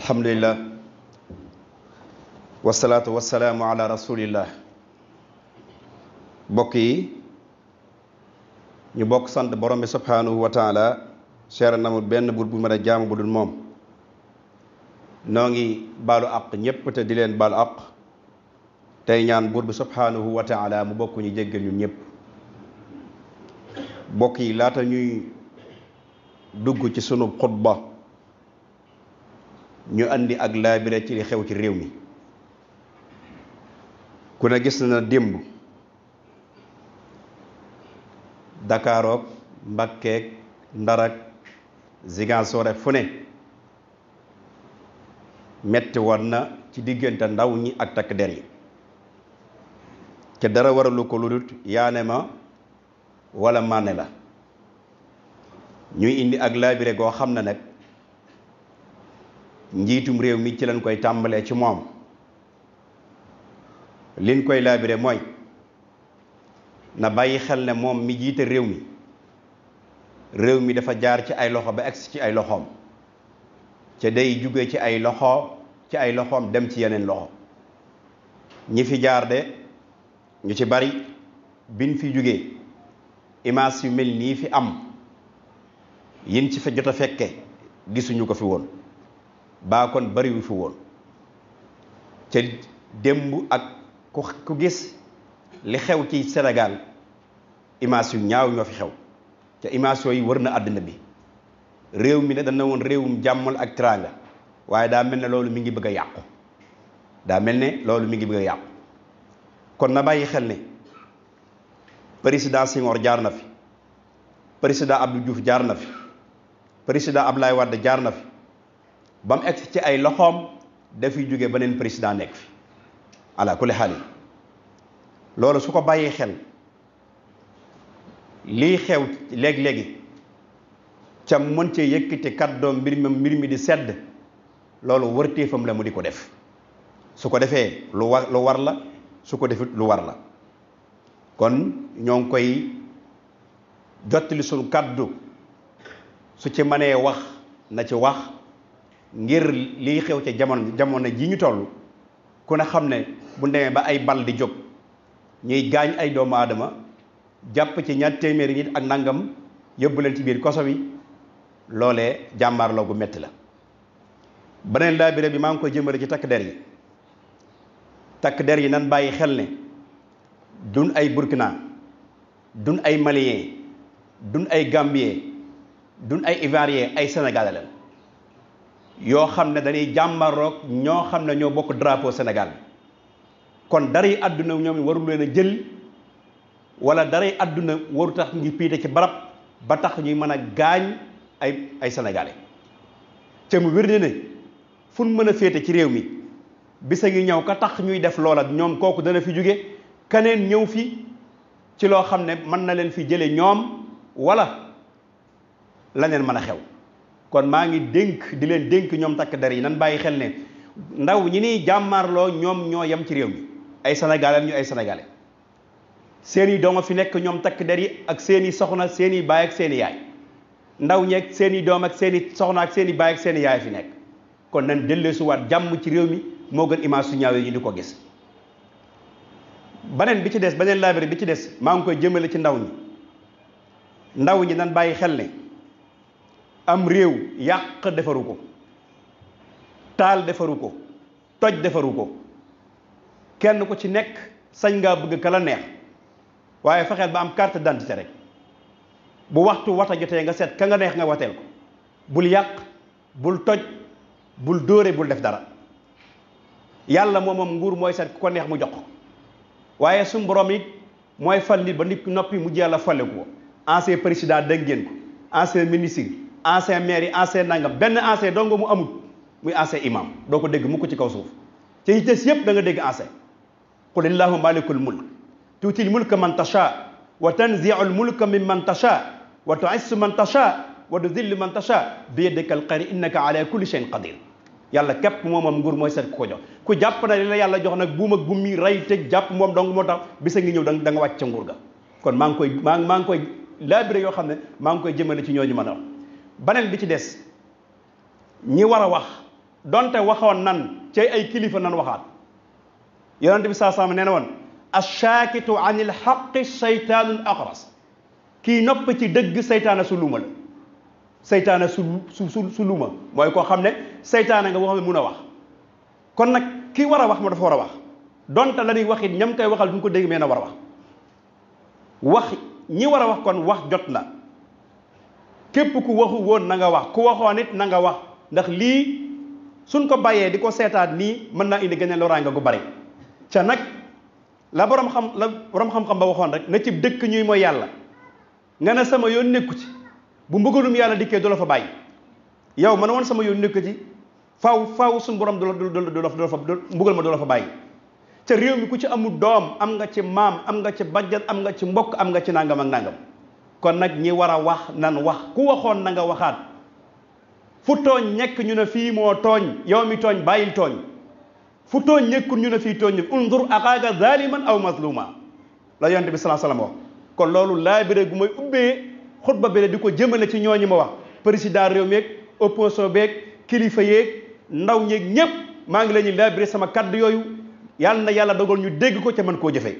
alhamdulillah wasalaatu wasalaamu ala rasulillah bokk yi ñu bokk sant borom bi subhaanahu wa taala seera namul benn buur bu mën a jaamu bu dul moom noo ngi baalu àq ñépp te di leen baalu àq tey ñaan buur bi subhaanahu wa taala mu bokk ñu jéggal ñun ñëpp bokk yi laata ñuy dugg ci sunu xutba ñu andi ak laabire ci li xew ci réew mi ku ne gis na démb Dakaaroog Mbakkeeg Ndarak Ziguinchor ak fu ne metti woon na ci diggante ndaw ñi ak takk der yi te dara waralu ko lu dul yaane ma wala mànne la ñuy indi ak laabire goo xam ne nag njiitum réew mi ci lañ koy tàmbalee ci moom liñ koy laabire mooy na bàyyi xel ne moom mi jiite réew mi réew mi dafa jaar ci ay loxo ba agsi ci ay loxoom ca day jóge ci ay loxo ci ay loxoom dem ci yeneen loxo ñi fi jaar de ñu ci bari biñ fi jógee image yu mel nii fi am yin ci fa jot a fekke gisuñu ko fi woon baa kon bariwu fi woon ca démb ak ku gis li xew ci Sénégal image yu ñaaw ñoo fi xew ca image yi wër na àddina bi réew mi ne dana woon réewum jàmmal ak teraanga waaye daa mel ne loolu mi ngi bëgg a yàqu daa mel ne loolu mi ngi bëgg a yàqu kon na bàyyi xel ne président Senghor jaar na fi président Abdou juuf jaar na fi président Abdoulaye Wade jaar na fi ba mu egsi ci ay loxoom dafiy jóge beneen président nekk fi ala kulli xaal loolu su ko bàyyi xel lii xew léeg-léegi ca mën cee yëkkati kàddoom mbir mi mbir mi di sedd loolu wërteefam la mu di ko def su ko defee lu war lu war la su ko defit lu war la kon ñoo ngi koy jottali suñu kàddu su ci manee wax na ci wax ngir li xew ca jamono jamono ji ñu toll ku ne xam ne bu demee ba ay bal di jóg ñuy gaañ ay doomu aadama jàpp ci ñaar téeméeri nit ak nangam yóbbu leen ci biir koso bi loolee jàmmaarloo gu metti la. beneen laabire bi maa ngi koy jëmale ci takk der yi takk der yi nan bàyyi xel ne dun ay burkina dun ay malien dun ay gambien dun ay ivoirien ay sénégalais yoo xam ne dañuy jàmmaroog ñoo xam ne ñoo bokk drapeau senegal kon daray àdduna ñoom warul leen a jël wala daray àdduna warutax tax ngi piite ci barab ba tax ñuy mën a gaañ ay ay sénégalais te mu wér ne ne fu mën a féete ci réew mi bisa ngi ñëw ka tax ñuy def loola ñoom kooku dana fi jóge keneen ñëw fii ci loo xam ne mën na leen fi jële ñoom wala la leen mën a xew kon maa ngi dénk di leen dénk ñoom takk der yi nan bàyyi xel ne ndaw ñi ni jàmmaarloo ñoom ñoo yem ci réew mi ay sénégalais ñu ay sénégalais seeni doom a fi nekk ñoom takk der yi ak seeni soxna seeni baay ak seeni yaay ndaw ñeeg seeni doom ak seeni soxna ak seeni baay ak seeni yaay fi nekk kon nan delleesuwaat jàmm ci réew mi moo gën image su ñaawee ñu di ko gis beneen bi ci des beneen laabiri bi ci des maa ngi koy jëmale ci ndaw ñi ndaw ñi nan bàyyi xel ne am réew yàq defaru ko taal defaru ko toj defaru ko kenn ku ci nekk sañ ngaa bëgg ka la neex waaye fexeel ba am carte d'identité rek bu waxtu wata jotee nga seet ka nga neex nga wateel ko bul yàq bul toj bul dóore bul def dara yàlla moom moom nguur mooy seet ku ko neex mu jox ko waaye suñu borom it mooy fal nit ba nit noppi mu jàll la fale ko ancien président dégg ngeen ko ancien ministre ancien maire yi ancien nangam benn ancien dong mu amul muy ancien imam doo ko dégg mukk ci kaw suuf ci yi yëpp da nga dégg ancien qul illahuma malikul mulk tuutil mulka man tasha wa tanziul mulka min man tasha wa tuissu man tasha wa tudillu man tasha bi yadika alxayr innaka ala kulli shay'in qadir yàlla képp moom am nguur mooy seet ku ko jox ku jàpp na li la jox na buum ak buum mi rey moom dong moo tax bisa ngi ñëw da nga wàcc ca nguur ga kon maa ngi koy maa ngi koy laabire yoo xam ne maa ngi koy jëmale ci ñooñu mën a beneen bi ci des ñi war a wax donte waxoon nan cay ay kilifa nan waxaat yonent bi saa ma nee na woon ashaakitu an il xaqi seytaanun aqras kii nopp ci dëgg seytaana su luuma la seytaana su su su luuma mooy koo xam ne seytaana nga boo mun a wax kon nag kii war a wax ma dafa war a wax donte la ñuy wax it ñam koy waxal du ñu ko dégg mee na war a wax wax ñi war a wax kon wax jot na képp ku waxu woon nanga wax ku waxoon it na nga wax ndax lii suñ ko bàyyee di ko seetaat nii mën naa indi gën a loraange gu bari ca nag la borom xam la borom xam-xam ba waxoon rek na ci dëkk ñuy mooy yàlla nga ne sama yoon nekku ci bu mbugalum yàlla dikkee du la fa bàyyi yow man woon sama yoon nekku ci faaw faw suñ borom du la du la fa mbugal ma du la fa bàyyi ca réew mi ku ci amul doom am nga ci maam am nga ci bajjan am nga ci mbokk am ci nangam ak nangam kon nag ñi war a wax nan wax ku waxoon na nga waxaat fu tooñ ñekk ñu ne fii moo tooñ yow mi tooñ bàyyil tooñ fu tooñ ñekkul ñu ne fii tooñ undur axaaka zaliman aw mazluma la yonent bi salaa salaam wax kon loolu laa bire gu may ubbee xutba bi di ko jëmale ci ñooñu ma wax président réew meeg opposition beeg kilifa yeeg ndaw ñeeg ñépp maa ngi la ñuy laabiré sama kaddu yooyu yàlla na yàlla dogal ñu dégg ko ca mën koo jëfee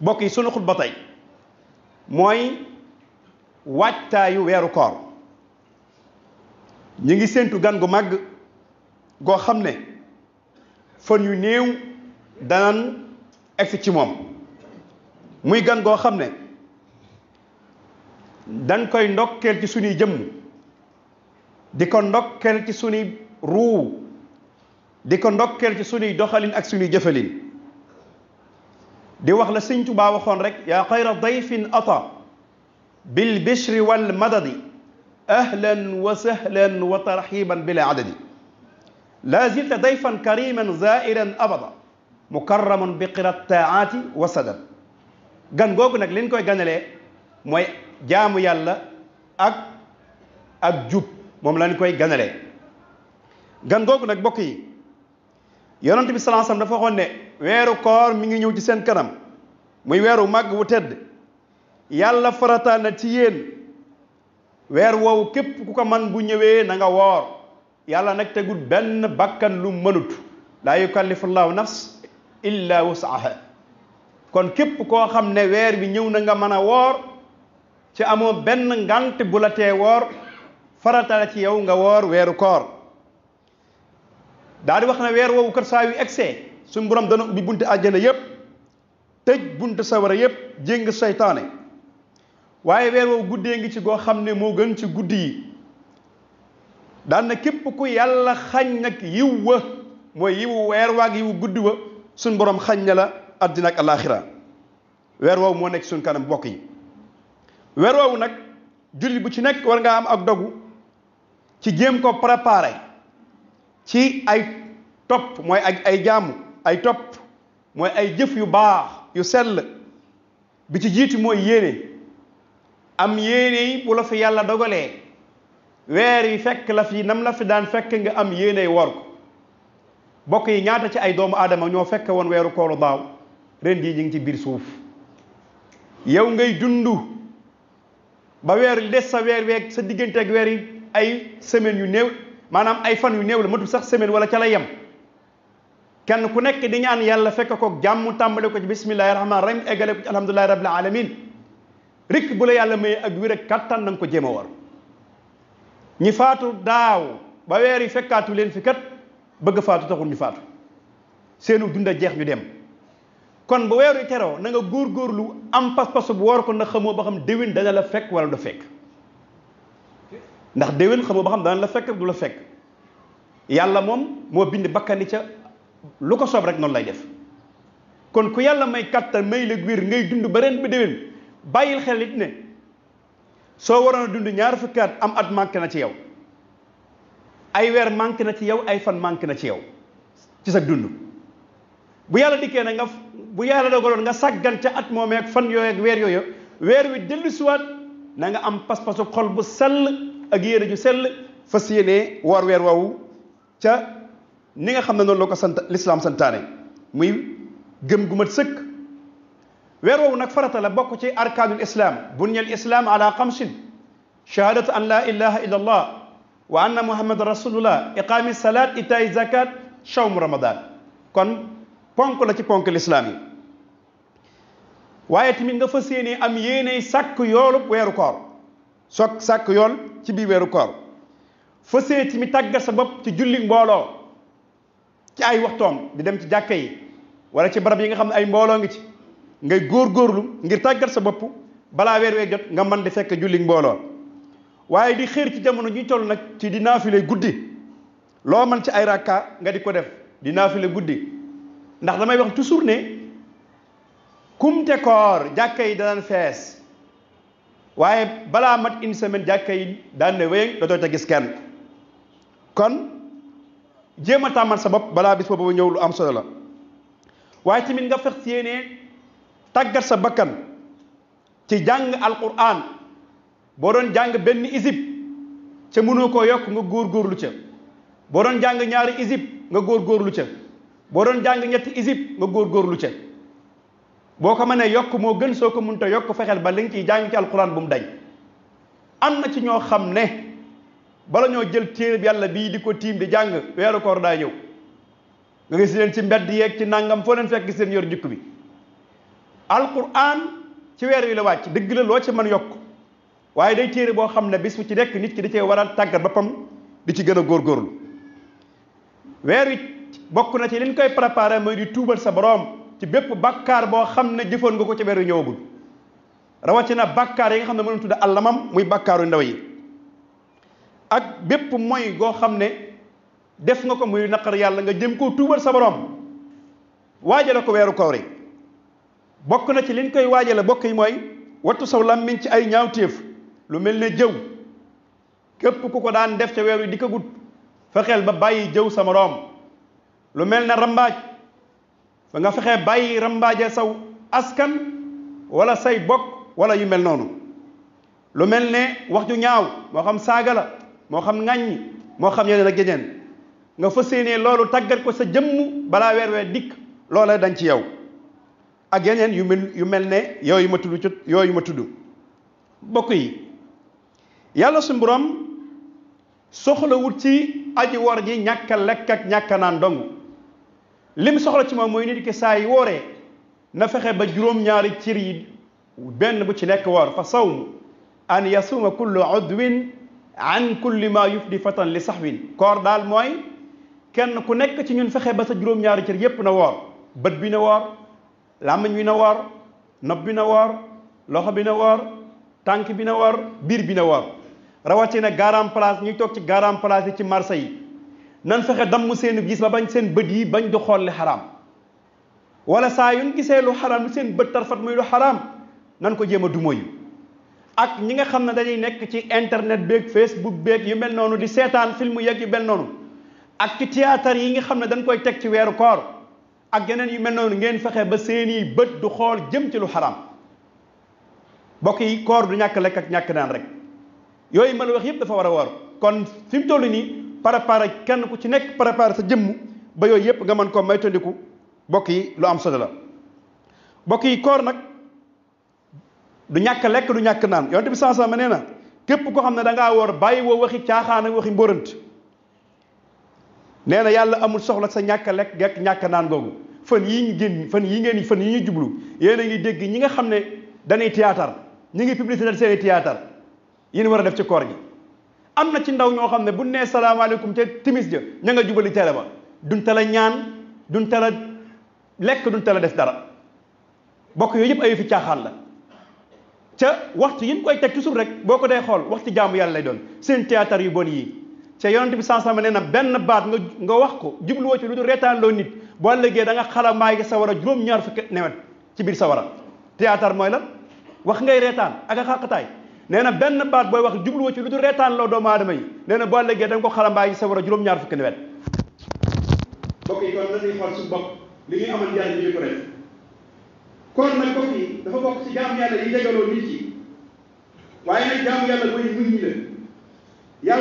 mbokk yi sunu xutba tey mooy waajtaayu weeru koor ñu ngi séentu gan gu màgg goo xam ne fan yu néew danan egsi ci moom muy gan goo xam ne dañ koy ndokkeel ci sunuy jëmm di ko ndokkeel ci sunuy ruu di ko ndokkeel ci sunuy doxalin ak sunuy jëfalin di wax la sëñ Tuubaa waxoon rek yaa xayra dayfin ata bil bishri wal madadi ahlan wa sahlan wa tarxiban bila adadi laa zilta dayfan kariman zairan abada mukarraman bi qirat taati wa sadad gan googu nag liñ koy ganalee mooy jaamu yàlla ak ak jub moom lañ koy ganalee gan googu nag bokk yi yonent bi sallallahu alayhi wasallam dafa waxoon weeru koor mi ngi ñëw ci seen kanam muy weeru màgg wu tedd yàlla farataal na ci yéen weer woowu képp ku ko man bu ñëwee na nga woor yàlla nag tegul benn bakkan lu mënut laa yukallifu llahu nafs illa wusaha kon képp koo xam ne weer bi ñëw na nga mën a woor ci amoo benn ngant bu la tee woor ci yow nga woor weeru koor daa di wax na weer woowu kër saa yu egsee suñu borom dana ubbi bunte àjjana yépp tëj bunte sawara yépp jéng seytaane waaye weer woowu guddee ngi ci goo xam ne moo gën ci guddi yi daan na képp ku yàlla xañ nag yiw wa mooy yiwu weer waag yiw guddi wa suñ borom xañ na la àddina ak alaaxira weer woowu moo nekk suñ kanam bokk yi weer woowu nag jullit bu ci nekk war ngaa am ak dogu ci jéem ko préparé ci ay topp mooy ay ay jaamu ay topp mooy ay jëf yu baax yu sell bi ci jiitu mooy yéene am yéene yi bu la fi yàlla dogalee weer yi fekk la fi nam la fi daan fekk nga am yéene wor ko bokk yi ñaata ci ay doomu aadama ñoo fekk woon weeru kooru daaw ren jii ñu ngi ci biir suuf yow ngay dund ba weer li des sa weer weeg sa digganteeg weer yi ay semaines yu néew maanaam ay fan yu néew la matul sax semaine wala ca la yem kenn ku nekk di ñaan yàlla fekk koog jàmm tàmbale ko ci bismillahi rahmaani rahim eggale ko ci alhamdulilahi rabbil alamin rikk bu la yàlla may ak wér ak kattan na ko jéem a war ñi faatu daaw ba weer fekkaatu leen fi kat bëgg faatu taxul ñu faatu seenu dunda jeex ñu dem kon ba weer yi teroo na góor lu am pas-pas bu war ko na xamoo ba xam déwén dana la fekk wala du fekk ndax déwén xamoo ba xam daan la fekk du la fekk yàlla moom moo bind bakkandi ca lu ko soob rek noonu lay def kon ku yàlla may kàttan may la wér ngay dund ba ren ba déwén bàyyil xel it ne soo waroon a dund ñaar fukki at am at manqué na ci yow ay weer manqué na ci yow ay fan manqué na ci yow ci sa dund bu yàlla dikkee na nga bu yàlla dogaloon nga sàggan ca at moomee fan yooyu ak weer yooyu weer wi dellusiwaat na nga am pas-pasu xol bu sell ak yéene ju sell fas yéenee woor weer ca ni nga xam ne noonu la ko sant lislaam santaane muy gëm gu mat sëkk weer woowu nag bokk ci arkaanul islaam bunya al ala xamsin shahadatu an la ilaha illa allah wa anna muhammadan rasulullah iqaami salaat itaayi zakat shawm ramadan kon ponk la ci ponk lislaam yi waaye tamit nga fas yéenee am yéeney sàkk yoolub weeru koor sok sàkk yoon ci biir weeru koor foo ci mi tàggat sa bopp ci julli mbooloo ci ay waxtoom di dem ci jàkka yi wala ci barab yi nga xam ne ay mbooloo ngi ci ngay góor-góorlu ngir tàggat sa bopp balaa weer we jot nga mën di fekk julli mbooloo waaye di xéer ci jamono ñuy toll nag ci di naafile guddi loo mën ci ay rakka nga di ko def di naafile guddi ndax damay wax toujours ne kumte koor jàkka yi danaan fees waaye balaa mat une semaine jàkka yi daan ne wéy dootoo ca gis kenn kon jéem a tàmmal sa bopp balaa bis boobu ñëw lu am solo la waaye tamit nga fex yéene tàggat sa bakkan ci jàng alquran boo doon jàng benn isib ca mënoo koo yokk nga lu ca boo doon jàng ñaari isib nga lu ca boo doon jàng ñetti isib nga lu ca boo ko mënee yokk moo gën soo ko mënta yokk fexeel ba li nga ciy jàng ci alquran bu mu dañ am na ci ñoo xam ne bala ñoo jël téere bi yàlla bii di ko tiim di jàng weeru koor daa ñëw nga gis leen ci mbedd yeeg ci nangam foo leen fekk gis leen yor jukk bi alquran ci weer wi la wàcc dëgg la loo ci mën yokk waaye day téere boo xam ne bis su ci nekk nit ki da cee war a tàggat boppam di ci gën a góor góorlu weer wi bokk na ci liñ koy préparé mooy di tuubal sa boroom ci bépp bàkkaar boo xam ne jëfoon nga ko ci weeru ñëwagul na bàkkaar yi nga xam ne mënul tudde àllamam muy bàkkaaru ndaw yi ak bépp mooy goo xam ne def nga ko muy naqar yàlla nga jëm koo tuubal sa borom waajale ko weeru koor rek bokk na ci liñ koy waajale bokk yi mooy wattu saw làmmiñ ci ay ñaawteef lu mel ne jëw képp ku ko daan def ca weeru di ko gut fexeel ba bàyyi jëw sa moroom lu mel ne rambaaj ba nga fexe bàyyi rambaaje saw askan wala say bokk wala yu mel noonu lu mel ne wax ju ñaaw moo xam saaga la moo xam ŋàññi moo xam ne ak yeneen nga fas yéene loolu tàggat ko sa jëmm balaa weer weer dikk loola dañ ci yow ak yeneen yu mel yu mel ne yooyu ma tudd yooyu ma tudd bokk yi yàlla suñu borom soxlawut ci aji wor ji ñàkk a lekk ñàkk naan dong lim soxla ci moom mooy nit ki saa yi wooree na fexe ba juróom-ñaari cër yi benn bu ci nekk woor fa sawmu an yasuuma kullu udwin an kulli ma yufdi fatan daal mooy kenn ku nekk ci ñun fexe ba sa juróom-ñaari cër yépp na wor bët bi na woor làmmiñ bi na woor nopp bi na woor loxo bi na woor tànk bi na woor biir bi na woor rawatina garam place ñuy toog ci garam place yi ci marché yi nan fexe damm seen gis ba bañ seen bët yi bañ di xool li xaraam wala saa yuñ gisee lu xaraam seen bët tarfat muy lu xaraam nan ko jéem a dumo yi ak ñi nga xam ne dañuy nekk ci internet beeg facebook beeg yu mel noonu di seetaan film yeeg yu mel noonu ak ci théâtre yi nga xam ne dañ koy teg ci weeru koor ak geneen yu mel noonu ngeen fexe ba seeni bët du xool jëm ci lu xaraam mbokk yi koor du ñàkk lekk ak ñàkk naan rek yooyu ma la wax yëpp dafa war a woor préparé kenn ku ci nekk préparé sa jëmm ba yooyu yëpp nga mën koo maytandiku bokk yi lu am solo la bokk yi koor nag du ñàkk lekk du ñàkk naan yonte bi sans sama nee na képp koo xam ne da ngaa woor bàyyi woo waxi caaxaan waxi mbórant nee na yàlla amul soxla sa ñàkk lekk gekk ñàkk naan googu fan yi ñu fan yi ngeen fan yi ñu jublu yéen a ngi dégg ñi nga xam ne dañuy théâtre ñi ngi publicité seen i théâtre yi ñu war a def ci koor gi am na ci ndaw ñoo xam ne bu nee salaamaaleykum ca timis ja ña nga jubali tele ba duñ tala ñaan duñ tala lekk duñ tala def dara bokk yooyu yëpp ay fi caaxaan la ca waxtu yi ñu koy teg toujours rek boo ko dee xool waxtu jaamu yàlla lay doon seen théâtre yu bon yii ca yonent bi sansama nee na benn baat nga nga wax ko jubluwoo ci lu dul reetaan loo nit boo léegi da nga xala maay sa war a juróom-ñaar fukki newet ci biir sa war a théâtre mooy la wax ngay reetaan ak nee na benn baat booy wax jubluwa ci lu du reetaan loo doomu aadama yi nee boo léegee da nga ko xalambaay sa war a juróom-ñaar fukki nawet mbokk yi kon na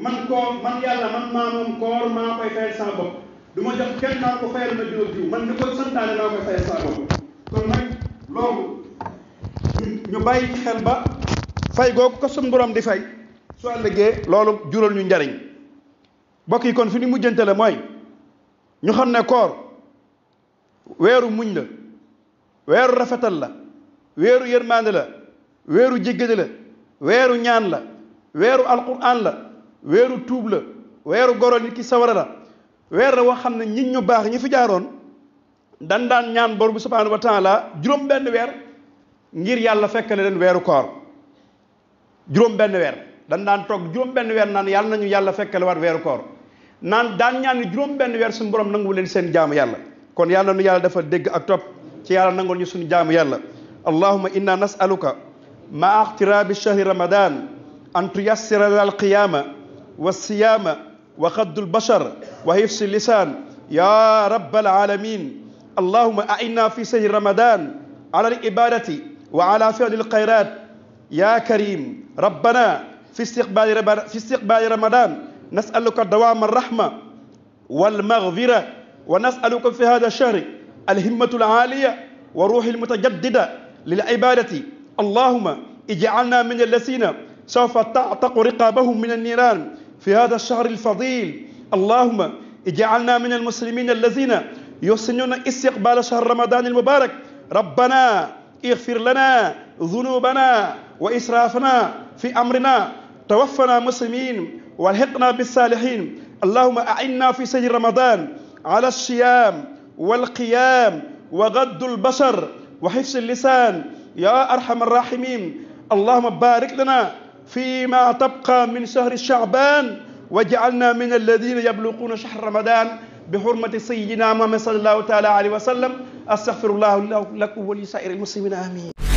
man koor man yàlla man maa moom ni ko santaane maa koy fayal ñu bàyyi xel ba fay googu ko suñu di fay su àllëgee loolu jural ñu njariñ bokk yi kon fi ñu mujjantale mooy ñu xam ne koor weeru muñ la weeru rafetal la weeru yërmande la weeru jéggade la weeru ñaan la weeru alquran la weeru tuub la weeru goro nit ki sawara la weer la woo xam ne nit ñu baax ñi fi jaaroon dan daan ñaan bor bu subhanahu wa taala juróom benn weer ngir yàlla fekkale leen weeru koor juróom benn weer dañ daan toog juróom benn weer naan yàlla nañu yàlla fekkale waat weeru koor naan daan ñaan ni benn weer suñu borom nangu leen seen jaamu yàlla kon yàlla nu yàlla dafa dégg ak topp ci yàlla nangul ñu suñu jaamu yàlla allahuma inna nasaluka ma ixtiraabi shahri ramadan an tuyassira lal qiyaama wa siyaama wa xaddul bashar wa hifsi lisaan ya rabbal alamin allahuma ainna fi shahri ramadan ala wa ala fi'li alxayrat ya karim rabbana fi istiqbali fi istiqbali ramadan nasaluka dawama alrahma walmaghfira wa nasaluka fi hada alshahri alhimmatu alaliya wa ruhi almutajaddida lilibadati allahuma ijcalna min allasina sawfa tactaqu riqabahum min alniran fi hada alshahri alfadil allahuma اجعلنا من المسلمين الذين يحسنون استقبال شهر رمضان المبارك ربنا ixfir lana zunubana wa israafana fi amrina tawaffana muslimin walhiqna bisalihin allahuma ainna fi sahri ramadan ala alsiyam والقيام وغض البصر وحفظ اللسان يا أرحم الراحمين اللهم بارك لنا فيما تبقى من شهر شعبان واجعلنا من الذين يبلغون شهر رمضان بحرمة سيدنا محمد صلى الله تعالى عليه وسلم astaghfirullah lakum wa li saa'iril muslimina amin